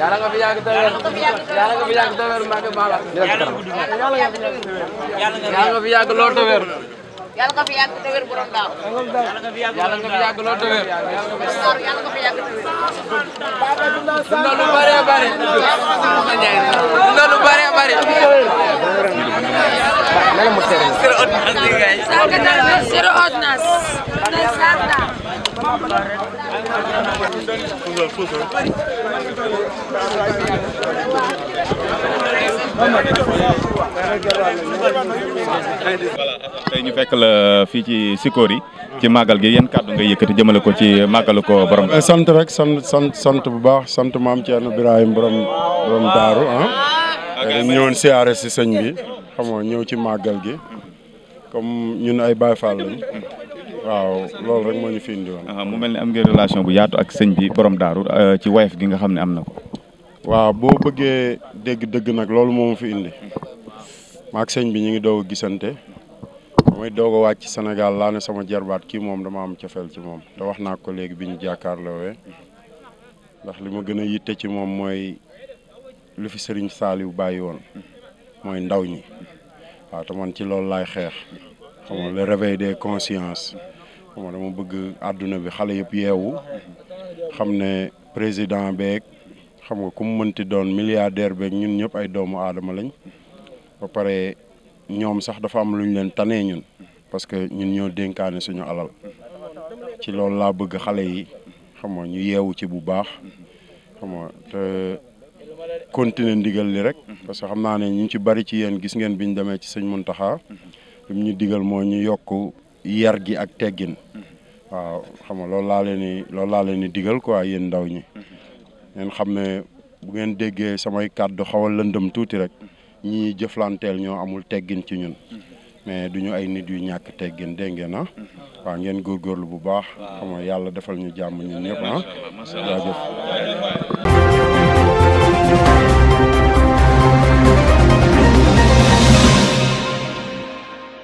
yàlla nga fi yàgg te wér yàlla nga fi yàgg te wér Mbacke Bala yàlla nga fi yàgg lool te wér yàlla nga fi yàgg te wér borom daaw yàlla nga fi yàgg lool te wér yàlla nga fi yàgg te wér dundal lu bare bare dundal lu bare bare Sir Odnas voilà ñu fekk la fii ci Sikori yi ci màggal gi yan kàddu nga yëkkati jëmale ko ci màggalu ko borom. Eh, sant rek sant sant bu baax sant maam Thierno Birahim borom borom daaru ah. ñu ah, eh, ñëwoon siyaare si sëñ bi xam ñëw ci màggal gi comme ñun ay Baye Fall lañ. waaw loolu rek moo ñu fi indi woon. Ah, mu mel ni am ngeen relation bu yaatu ak sëñ bi borom daaru euh, ci woyof gi nga xam ne am na ko. waaw boo bëggee dégg dëgg nag loolu moo fi indi maak sëñ bi ñu ngi doog gisante mooy doog a wàcc Sénégal laa ne sama jarbaat kii moom dama am cofeel ci moom te wax naa ko léegi bi ñu jàkkaarloowee ndax li ma gën a yitte ci moom mooy lu fi sëriñ Saliou bàyyi woon mooy ndaw ñi waaw te man ci loolu laay xeex xam nga des consciences moom dama bëgg àdduna bi xale yëpp yeewu xam ne président beeg xam nga ku mënti doon milliardaire beeg ñun ñëpp ay doomu aadama lañ ba pare ñoom sax dafa am lu ñu leen tanee ñun parce que ñun ñoo dénkaane suñu alal ci loolu laa bëgg xale yi xam nga ñu yeewu ci bu baax xam nga te continuer ndigal li rek parce que xam naa ne ñu ci bari ci yéen gis ngeen bi ñu demee ci sëñ Muntaxa li ñu digal moo ñu yokk yar gi ak teggin waaw xam nga loolu laa leen di loolu laa leen di digal quoi yéen ndaw ñi ngeen xam ne bu ngeen déggee samay kàddu xawal lëndëm tuuti rek ñii jëflanteel ñoo amul teggin ci ñun mais du ñu ay nit yu ñàkk teggin dégg ngeen ah waaw ngeen góor góorlu bu baax xam yàlla defal ñu jàmm ñun ñëpp ah